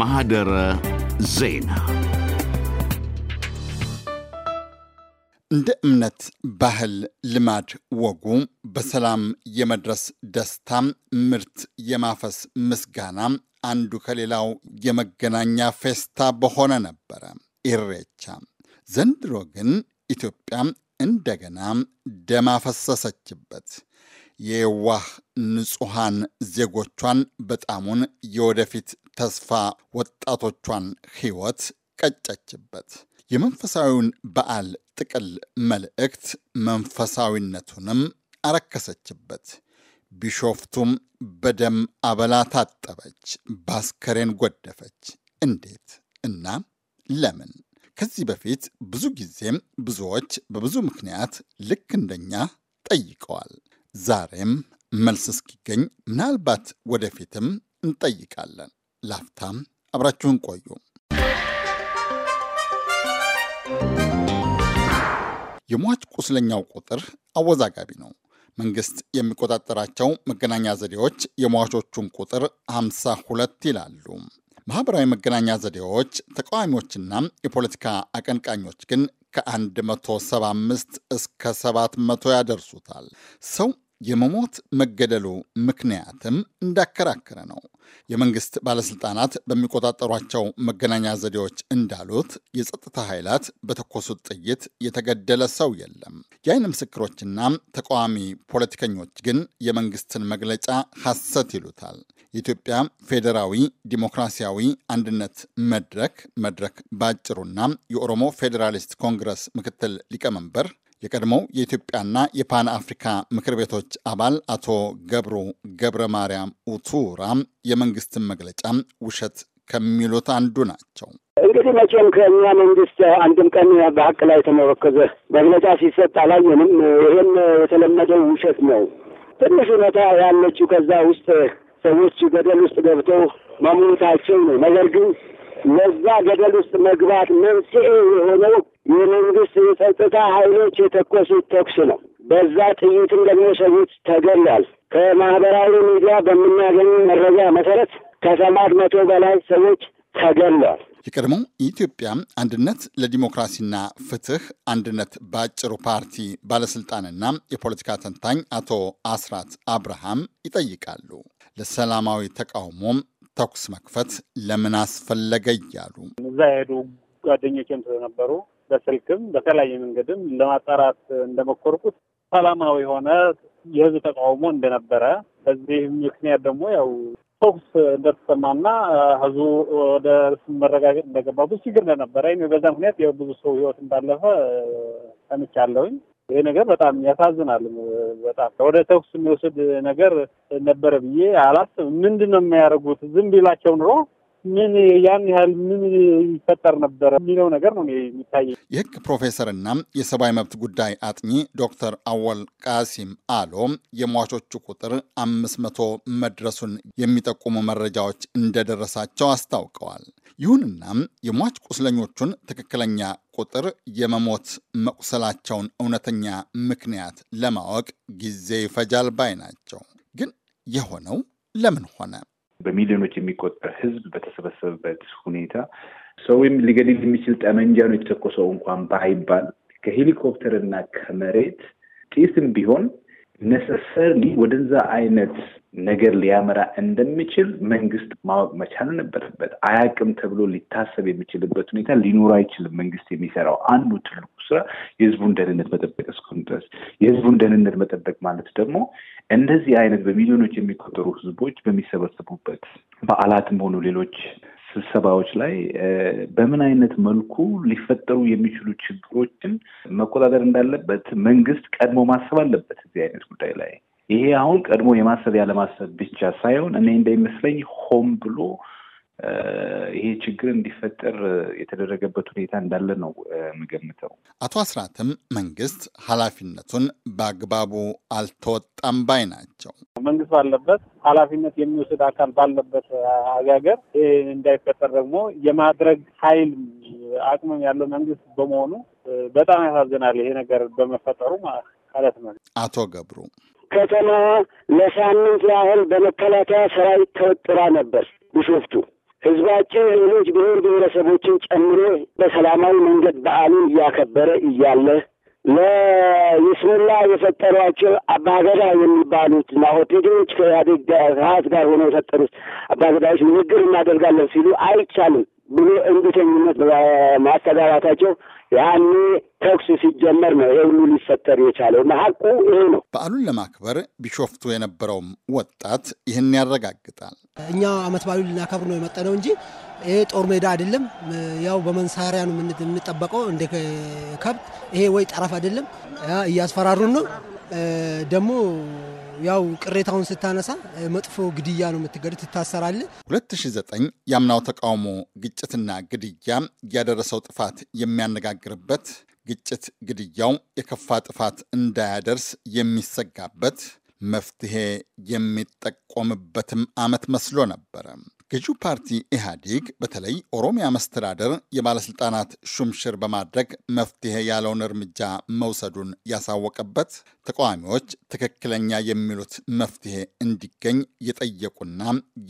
ማህደረ ዜና እንደ እምነት፣ ባህል፣ ልማድ፣ ወጉ በሰላም የመድረስ ደስታም፣ ምርት የማፈስ ምስጋና አንዱ ከሌላው የመገናኛ ፌስታ በሆነ ነበረ ኢሬቻ። ዘንድሮ ግን ኢትዮጵያ እንደገና ደም አፈሰሰችበት። የዋህ ንጹሐን ዜጎቿን በጣሙን የወደፊት ተስፋ ወጣቶቿን ሕይወት ቀጨችበት። የመንፈሳዊውን በዓል ጥቅል መልእክት መንፈሳዊነቱንም አረከሰችበት። ቢሾፍቱም በደም አበላ ታጠበች፣ ባስከሬን ጎደፈች። እንዴት እና ለምን? ከዚህ በፊት ብዙ ጊዜም ብዙዎች በብዙ ምክንያት ልክ እንደኛ ጠይቀዋል። ዛሬም መልስ እስኪገኝ ምናልባት ወደፊትም እንጠይቃለን። ላፍታም አብራችሁን ቆዩ። የሟች ቁስለኛው ቁጥር አወዛጋቢ ነው። መንግስት የሚቆጣጠራቸው መገናኛ ዘዴዎች የሟቾቹን ቁጥር 52 ይላሉ። ማህበራዊ መገናኛ ዘዴዎች፣ ተቃዋሚዎችና የፖለቲካ አቀንቃኞች ግን ከ175 እስከ 700 ያደርሱታል። ሰው የመሞት መገደሉ ምክንያትም እንዳከራከረ ነው። የመንግስት ባለስልጣናት በሚቆጣጠሯቸው መገናኛ ዘዴዎች እንዳሉት የጸጥታ ኃይላት በተኮሱት ጥይት የተገደለ ሰው የለም። የአይን ምስክሮችና ተቃዋሚ ፖለቲከኞች ግን የመንግስትን መግለጫ ሐሰት ይሉታል። የኢትዮጵያ ፌዴራዊ ዲሞክራሲያዊ አንድነት መድረክ መድረክ ባጭሩና የኦሮሞ ፌዴራሊስት ኮንግረስ ምክትል ሊቀመንበር የቀድሞው የኢትዮጵያና የፓን አፍሪካ ምክር ቤቶች አባል አቶ ገብሩ ገብረ ማርያም ኡቱራ የመንግስትን መግለጫ ውሸት ከሚሉት አንዱ ናቸው። እንግዲህ መቼም ከእኛ መንግስት አንድም ቀን በሀቅ ላይ የተመረከዘ መግለጫ ሲሰጥ አላየንም። ይህም የተለመደው ውሸት ነው። ትንሽ እውነታ ያለችው ከዛ ውስጥ ሰዎች ገደል ውስጥ ገብተው መሞታቸው ነው። ነገር ግን ለዛ ገደል ውስጥ መግባት መንስኤ የሆነው የመንግስት የጸጥታ ኃይሎች የተኮሱት ተኩስ ነው። በዛ ጥይትም ደግሞ ሰዎች ተገሏል። ከማህበራዊ ሚዲያ በምናገኝ መረጃ መሰረት ከሰባት መቶ በላይ ሰዎች ተገሏል። የቀድሞ የኢትዮጵያ አንድነት ለዲሞክራሲና ፍትህ አንድነት በአጭሩ ፓርቲ ባለስልጣንና የፖለቲካ ተንታኝ አቶ አስራት አብርሃም ይጠይቃሉ። ለሰላማዊ ተቃውሞም ተኩስ መክፈት ለምን አስፈለገ እያሉ እዛ የሄዱ ጓደኞቼም ስለነበሩ በስልክም በተለያየ መንገድም ለማጣራት እንደሞከርኩት ሰላማዊ የሆነ የህዝብ ተቃውሞ እንደነበረ በዚህ ምክንያት ደግሞ ያው ተኩስ እንደተሰማና ህዝቡ ወደ መረጋገጥ እንደገባ ብዙ ችግር እንደነበረ በዛ ምክንያት ብዙ ሰው ህይወት እንዳለፈ ሰምቻለሁኝ። ይሄ ነገር በጣም ያሳዝናል። በጣም ወደ ተኩስ የሚወስድ ነገር ነበረ ብዬ አላስብም። ምንድን ነው የሚያደርጉት? ዝም ቢላቸው ኑሮ ምን ያን ያህል ምን ይፈጠር ነበረ የሚለው ነገር ነው የሚታየ። የህግ ፕሮፌሰርና የሰብአዊ መብት ጉዳይ አጥኚ ዶክተር አወል ቃሲም አሎ የሟቾቹ ቁጥር አምስት መቶ መድረሱን የሚጠቁሙ መረጃዎች እንደደረሳቸው አስታውቀዋል። ይሁንና የሟች ቁስለኞቹን ትክክለኛ ቁጥር የመሞት መቁሰላቸውን እውነተኛ ምክንያት ለማወቅ ጊዜ ይፈጃል ባይ ናቸው። ግን የሆነው ለምን ሆነ? በሚሊዮኖች የሚቆጠር ህዝብ በተሰበሰበበት ሁኔታ ሰውም ሊገድል የሚችል ጠመንጃ ነው የተተኮሰው እንኳን ባይባል እና ከመሬት ጢስም ቢሆን ነሰሰርሊ ወደዛ አይነት ነገር ሊያመራ እንደሚችል መንግስት ማወቅ መቻል ነበረበት። አያቅም ተብሎ ሊታሰብ የሚችልበት ሁኔታ ሊኖር አይችልም። መንግስት የሚሰራው አንዱ ትልቁ ስራ የህዝቡን ደህንነት መጠበቅ እስከሆነ ድረስ የህዝቡን ደህንነት መጠበቅ ማለት ደግሞ እንደዚህ አይነት በሚሊዮኖች የሚቆጠሩ ህዝቦች በሚሰበሰቡበት በዓላትም ሆኑ ሌሎች ስብሰባዎች ላይ በምን አይነት መልኩ ሊፈጠሩ የሚችሉ ችግሮችን መቆጣጠር እንዳለበት መንግስት ቀድሞ ማሰብ አለበት እዚህ አይነት ጉዳይ ላይ ይሄ አሁን ቀድሞ የማሰብ ያለማሰብ ብቻ ሳይሆን እኔ እንዳይመስለኝ ሆም ብሎ ይሄ ችግር እንዲፈጠር የተደረገበት ሁኔታ እንዳለ ነው የምገምተው። አቶ አስራትም መንግስት ኃላፊነቱን በአግባቡ አልተወጣም ባይ ናቸው። መንግስት ባለበት ኃላፊነት የሚወስድ አካል ባለበት አጋገር እንዳይፈጠር ደግሞ የማድረግ ኃይል አቅምም ያለው መንግስት በመሆኑ በጣም ያሳዝናል። ይሄ ነገር በመፈጠሩ ማለት ነው። አቶ ገብሩ ከተማ ለሳምንት ያህል በመከላከያ ሰራዊት ተወጥራ ነበር። ቢሾፍቱ ህዝባችን ሌሎች ብሔር ብሔረሰቦችን ጨምሮ በሰላማዊ መንገድ በዓሉን እያከበረ እያለ ለይስሙላ የፈጠሯቸው አባገዳ የሚባሉት እና ኦፔዴዎች ከኢህአዴግ ህወሓት ጋር ሆነው የፈጠሩት አባገዳዎች ንግግር እናደርጋለን ሲሉ አይቻልም ብሎ እንቢተኝነት በማስተጋባታቸው ያኔ ተኩስ ሲጀመር ነው ይሄ ሁሉ ሊፈጠር የቻለው እና ሀቁ ይሄ ነው። በዓሉን ለማክበር ቢሾፍቱ የነበረውም ወጣት ይህን ያረጋግጣል። እኛ አመት በዓሉ ልናከብር ነው የመጣነው እንጂ ይሄ ጦር ሜዳ አይደለም። ያው በመንሳሪያ ነው የምንጠበቀው እንደ ከብት። ይሄ ወይ ጠረፍ አይደለም፣ እያስፈራሩን ነው ደግሞ ያው ቅሬታውን ስታነሳ መጥፎ ግድያ ነው የምትገድ ትታሰራለ። 2009 የአምናው ተቃውሞ ግጭትና ግድያ ያደረሰው ጥፋት የሚያነጋግርበት ግጭት ግድያው የከፋ ጥፋት እንዳያደርስ የሚሰጋበት መፍትሄ የሚጠቆምበትም ዓመት መስሎ ነበረ። ገዢው ፓርቲ ኢህአዴግ በተለይ ኦሮሚያ መስተዳደር የባለስልጣናት ሹምሽር በማድረግ መፍትሄ ያለውን እርምጃ መውሰዱን ያሳወቀበት፣ ተቃዋሚዎች ትክክለኛ የሚሉት መፍትሄ እንዲገኝ የጠየቁና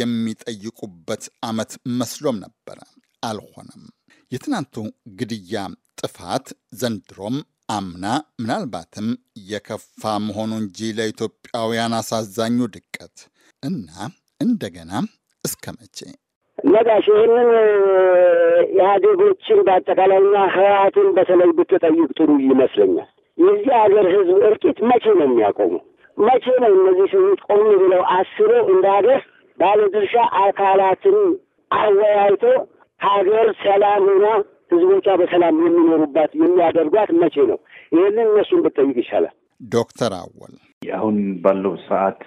የሚጠይቁበት ዓመት መስሎም ነበረ። አልሆነም። የትናንቱ ግድያ፣ ጥፋት ዘንድሮም አምና ምናልባትም የከፋ መሆኑ እንጂ ለኢትዮጵያውያን አሳዛኙ ድቀት እና እንደገና እስከ መቼ? ነጋሽ ይህንን ኢህአዴጎችን በአጠቃላይና ህወሓትን በተለይ ብትጠይቅ ጥሩ ይመስለኛል። የዚህ ሀገር ህዝብ እርቂት መቼ ነው የሚያቆሙ? መቼ ነው እነዚህ ሰዎች ቆም ብለው አስሮ እንደ ሀገር ባለድርሻ አካላትን አወያይቶ ሀገር ሰላም ሆና ህዝቦቿ በሰላም የሚኖሩባት የሚያደርጓት መቼ ነው? ይህንን እነሱን ብትጠይቅ ይሻላል። ዶክተር አወል አሁን ባለው ስርዓት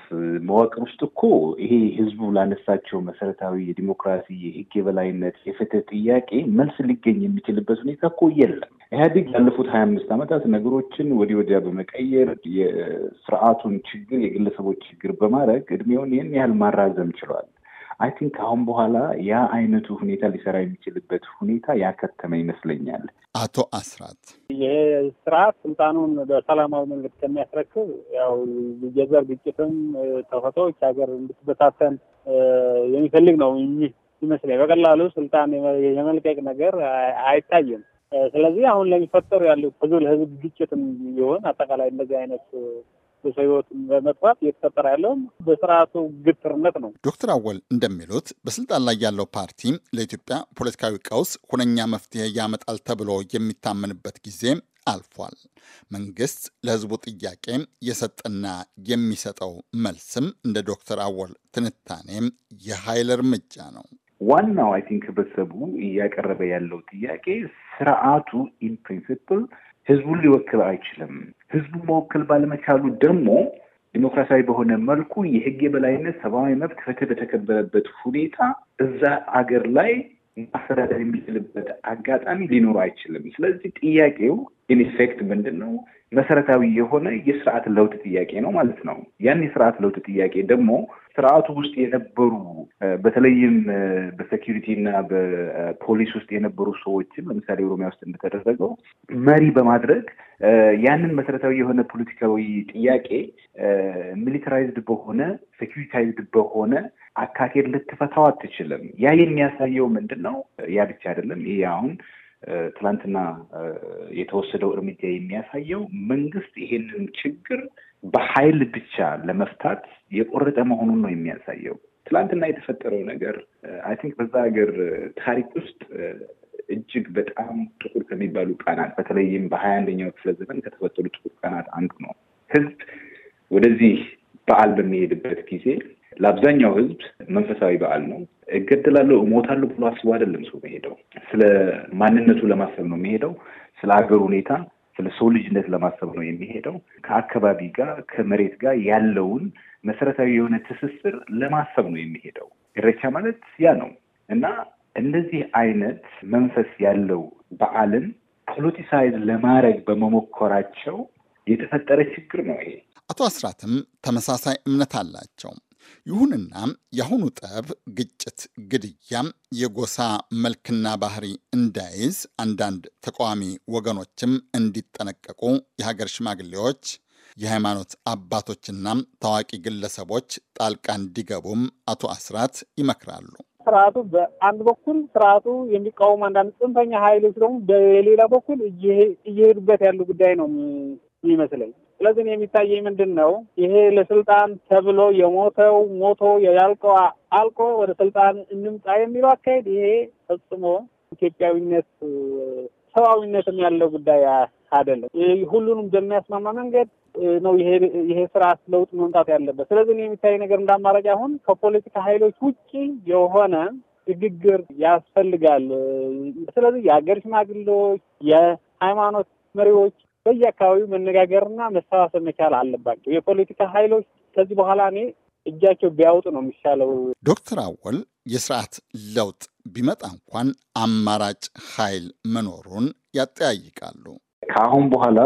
መዋቅር ውስጥ እኮ ይሄ ህዝቡ ላነሳቸው መሰረታዊ የዲሞክራሲ፣ የህግ የበላይነት፣ የፍትህ ጥያቄ መልስ ሊገኝ የሚችልበት ሁኔታ እኮ የለም። ኢህአዴግ ላለፉት ሀያ አምስት ዓመታት ነገሮችን ወዲህ ወዲያ በመቀየር የስርዓቱን ችግር የግለሰቦች ችግር በማድረግ እድሜውን ይህን ያህል ማራዘም ችሏል። አይ ቲንክ አሁን በኋላ ያ አይነቱ ሁኔታ ሊሰራ የሚችልበት ሁኔታ ያከተመ ይመስለኛል። አቶ አስራት ይሄ ስርዓት ስልጣኑን በሰላማዊ መንገድ ከሚያስረክብ ያው የዘር ግጭትም ተፈቶች ሀገር እንድትበታተን የሚፈልግ ነው ይመስለኝ። በቀላሉ ስልጣን የመልቀቅ ነገር አይታይም። ስለዚህ አሁን ለሚፈጠሩ ያሉ ብዙ ለህዝብ ግጭትም ይሆን አጠቃላይ እንደዚህ አይነት በሰው ህይወት በመጥፋት እየተፈጠረ ያለውም በስርዓቱ ግትርነት ነው። ዶክተር አወል እንደሚሉት በስልጣን ላይ ያለው ፓርቲ ለኢትዮጵያ ፖለቲካዊ ቀውስ ሁነኛ መፍትሄ ያመጣል ተብሎ የሚታመንበት ጊዜ አልፏል። መንግስት ለህዝቡ ጥያቄ የሰጠና የሚሰጠው መልስም እንደ ዶክተር አወል ትንታኔም የኃይል እርምጃ ነው። ዋናው አይ ቲንክ ህብረተሰቡ እያቀረበ ያለው ጥያቄ ስርዓቱ ኢን ፕሪንሲፕል ህዝቡን ሊወክል አይችልም። ህዝቡን መወከል ባለመቻሉ ደግሞ ዲሞክራሲያዊ በሆነ መልኩ የህግ የበላይነት፣ ሰብአዊ መብት፣ ፍትህ በተከበረበት ሁኔታ እዛ አገር ላይ ማስተዳደር የሚችልበት አጋጣሚ ሊኖር አይችልም። ስለዚህ ጥያቄው ኢንፌክት ምንድን ነው መሰረታዊ የሆነ የስርዓት ለውጥ ጥያቄ ነው ማለት ነው። ያን የስርዓት ለውጥ ጥያቄ ደግሞ ስርዓቱ ውስጥ የነበሩ በተለይም በሴኪሪቲ እና በፖሊስ ውስጥ የነበሩ ሰዎችን ለምሳሌ ኦሮሚያ ውስጥ እንደተደረገው መሪ በማድረግ ያንን መሰረታዊ የሆነ ፖለቲካዊ ጥያቄ ሚሊተራይዝድ በሆነ ሴኪሪታይዝድ በሆነ አካሄድ ልትፈታው አትችልም። ያ የሚያሳየው ምንድን ነው? ያ ብቻ አይደለም። ይሄ አሁን ትናንትና የተወሰደው እርምጃ የሚያሳየው መንግስት ይሄንን ችግር በኃይል ብቻ ለመፍታት የቆረጠ መሆኑን ነው የሚያሳየው። ትናንትና የተፈጠረው ነገር አይ ቲንክ በዛ ሀገር ታሪክ ውስጥ እጅግ በጣም ጥቁር ከሚባሉ ቀናት በተለይም በሀያ አንደኛው ክፍለ ዘመን ከተፈጠሩ ጥቁር ቀናት አንዱ ነው። ህዝብ ወደዚህ በዓል በሚሄድበት ጊዜ ለአብዛኛው ህዝብ መንፈሳዊ በዓል ነው። እገደላለሁ እሞታለሁ ብሎ አስቦ አይደለም ሰው መሄደው። ስለ ማንነቱ ለማሰብ ነው የሚሄደው። ስለ ሀገር ሁኔታ፣ ስለ ሰው ልጅነት ለማሰብ ነው የሚሄደው። ከአካባቢ ጋር ከመሬት ጋር ያለውን መሰረታዊ የሆነ ትስስር ለማሰብ ነው የሚሄደው። ኢሬቻ ማለት ያ ነው እና እንደዚህ አይነት መንፈስ ያለው በዓልን ፖለቲሳይዝ ለማድረግ በመሞከራቸው የተፈጠረ ችግር ነው ይሄ። አቶ አስራትም ተመሳሳይ እምነት አላቸው። ይሁንና የአሁኑ ጠብ ግጭት፣ ግድያም የጎሳ መልክና ባህሪ እንዳይዝ አንዳንድ ተቃዋሚ ወገኖችም እንዲጠነቀቁ የሀገር ሽማግሌዎች የሃይማኖት አባቶችና ታዋቂ ግለሰቦች ጣልቃ እንዲገቡም አቶ አስራት ይመክራሉ። ስርዓቱ በአንድ በኩል ስርዓቱ የሚቃወሙ አንዳንድ ጽንፈኛ ኃይሎች ደግሞ በሌላ በኩል እየሄዱበት ያሉ ጉዳይ ነው የሚመስለኝ። ስለዚህ የሚታየኝ ምንድን ነው ይሄ ለስልጣን ተብሎ የሞተው ሞቶ ያልቀዋ አልቆ ወደ ስልጣን እንምጣ የሚለው አካሄድ ይሄ ፈጽሞ ኢትዮጵያዊነት ሰብአዊነትም ያለው ጉዳይ አይደለም። ሁሉንም በሚያስማማ መንገድ ነው ይሄ ስርዓት ለውጥ መምጣት ያለበት። ስለዚህ የሚታይ ነገር እንዳማራጭ አሁን ከፖለቲካ ኃይሎች ውጭ የሆነ ንግግር ያስፈልጋል። ስለዚህ የሀገር ሽማግሌዎች፣ የሃይማኖት መሪዎች በየአካባቢው መነጋገርና መሰባሰብ መቻል አለባቸው። የፖለቲካ ኃይሎች ከዚህ በኋላ እኔ እጃቸው ቢያውጡ ነው የሚሻለው። ዶክተር አወል የስርዓት ለውጥ ቢመጣ እንኳን አማራጭ ኃይል መኖሩን ያጠያይቃሉ። ከአሁን በኋላ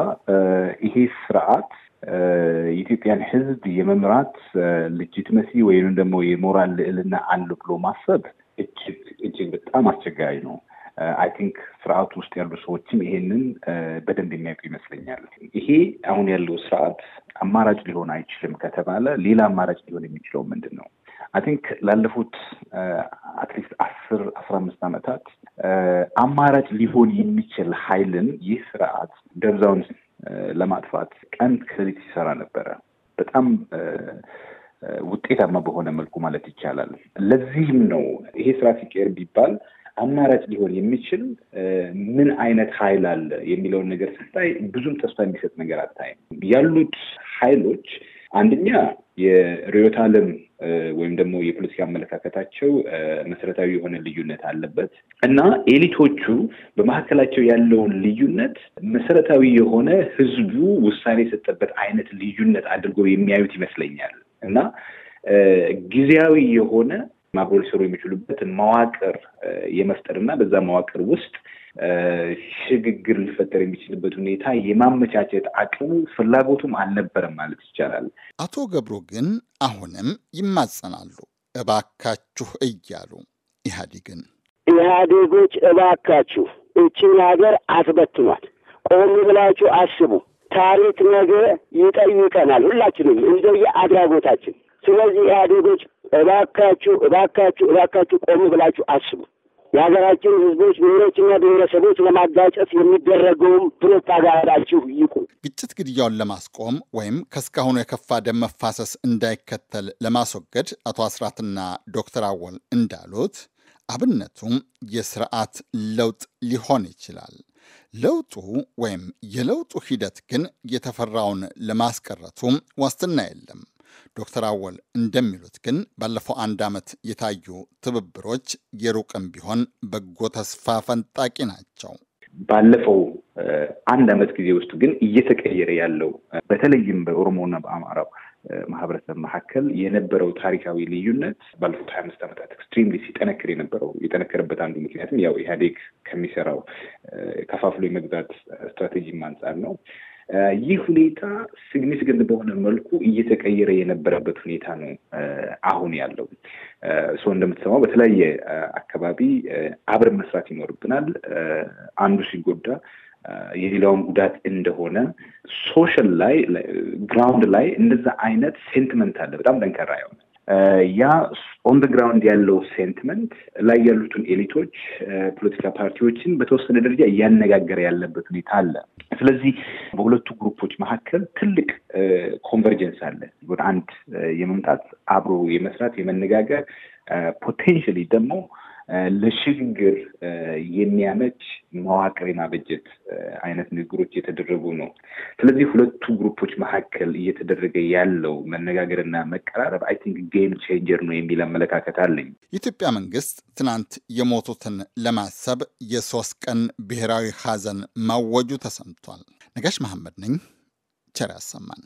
ይሄ ስርዓት የኢትዮጵያን ሕዝብ የመምራት ልጅትመሲ ወይም ደግሞ የሞራል ልዕልና አለ ብሎ ማሰብ እጅግ እጅግ በጣም አስቸጋሪ ነው። አይ ቲንክ ስርዓቱ ውስጥ ያሉ ሰዎችም ይሄንን በደንብ የሚያውቁ ይመስለኛል። ይሄ አሁን ያለው ስርዓት አማራጭ ሊሆን አይችልም ከተባለ ሌላ አማራጭ ሊሆን የሚችለው ምንድን ነው? አይ ቲንክ ላለፉት አትሊስት አስር አስራ አምስት ዓመታት አማራጭ ሊሆን የሚችል ኃይልን ይህ ስርዓት ደብዛውን ለማጥፋት ቀን ከሌሊት ሲሰራ ነበረ በጣም ውጤታማ በሆነ መልኩ ማለት ይቻላል። ለዚህም ነው ይሄ ስራ ሲቀየር ቢባል አማራጭ ሊሆን የሚችል ምን አይነት ኃይል አለ የሚለውን ነገር ስታይ ብዙም ተስፋ የሚሰጥ ነገር አታይም። ያሉት ኃይሎች አንደኛ የርዕዮተ ዓለም ወይም ደግሞ የፖለቲካ አመለካከታቸው መሰረታዊ የሆነ ልዩነት አለበት እና ኤሊቶቹ በመካከላቸው ያለውን ልዩነት መሰረታዊ የሆነ ህዝቡ ውሳኔ የሰጠበት አይነት ልዩነት አድርጎ የሚያዩት ይመስለኛል እና ጊዜያዊ የሆነ አብሮ ሊሰሩ የሚችሉበት መዋቅር የመፍጠር እና በዛ መዋቅር ውስጥ ሽግግር ሊፈጠር የሚችልበት ሁኔታ የማመቻቸት አቅሙ ፍላጎቱም አልነበረም ማለት ይቻላል። አቶ ገብሩ ግን አሁንም ይማጸናሉ እባካችሁ እያሉ ኢህአዴግን ኢህአዴጎች እባካችሁ እችን ሀገር አትበትኗት፣ ቆም ብላችሁ አስቡ። ታሪክ ነገ ይጠይቀናል፣ ሁላችንም እንደየ አድራጎታችን። ስለዚህ ኢህአዴጎች እባካችሁ እባካችሁ እባካችሁ ቆሙ ብላችሁ አስቡ። የሀገራችን ህዝቦች፣ ብሔሮችና ብሔረሰቦች ለማጋጨት የሚደረገውም ፕሮፓጋንዳችሁ ይቁም። ግጭት ግድያውን ለማስቆም ወይም ከእስካሁኑ የከፋ ደም መፋሰስ እንዳይከተል ለማስወገድ አቶ አስራትና ዶክተር አወል እንዳሉት አብነቱም የስርዓት ለውጥ ሊሆን ይችላል። ለውጡ ወይም የለውጡ ሂደት ግን የተፈራውን ለማስቀረቱ ዋስትና የለም። ዶክተር አወል እንደሚሉት ግን ባለፈው አንድ ዓመት የታዩ ትብብሮች የሩቅም ቢሆን በጎ ተስፋ ፈንጣቂ ናቸው። ባለፈው አንድ ዓመት ጊዜ ውስጥ ግን እየተቀየረ ያለው በተለይም በኦሮሞና በአማራው ማህበረሰብ መካከል የነበረው ታሪካዊ ልዩነት ባለፉት ሀያ አምስት ዓመታት ኤክስትሪምሊ ሲጠነክር የነበረው የጠነከረበት አንዱ ምክንያትም ያው ኢህአዴግ ከሚሰራው ከፋፍሎ የመግዛት ስትራቴጂም አንጻር ነው። ይህ ሁኔታ ሲግኒፊካንት በሆነ መልኩ እየተቀየረ የነበረበት ሁኔታ ነው አሁን ያለው። ሰው እንደምትሰማው በተለያየ አካባቢ አብረን መስራት ይኖርብናል። አንዱ ሲጎዳ የሌላውም ጉዳት እንደሆነ ሶሻል ላይ ግራውንድ ላይ እንደዛ አይነት ሴንቲመንት አለ፣ በጣም ጠንካራ የሆነ ያ ኦን ደ ግራውንድ ያለው ሴንቲመንት ላይ ያሉትን ኤሊቶች፣ ፖለቲካ ፓርቲዎችን በተወሰነ ደረጃ እያነጋገረ ያለበት ሁኔታ አለ። ስለዚህ በሁለቱ ግሩፖች መካከል ትልቅ ኮንቨርጀንስ አለ። ወደ አንድ የመምጣት አብሮ የመስራት የመነጋገር ፖቴንሽሊ ደግሞ ለሽግግር የሚያመች መዋቅር የማበጀት አይነት ንግግሮች እየተደረጉ ነው። ስለዚህ ሁለቱ ግሩፖች መካከል እየተደረገ ያለው መነጋገርና መቀራረብ አይ ቲንክ ጌም ቼንጀር ነው የሚል አመለካከት አለኝ። የኢትዮጵያ መንግስት ትናንት የሞቱትን ለማሰብ የሶስት ቀን ብሔራዊ ሀዘን ማወጁ ተሰምቷል። ነጋሽ መሐመድ ነኝ። ቸር ያሰማን።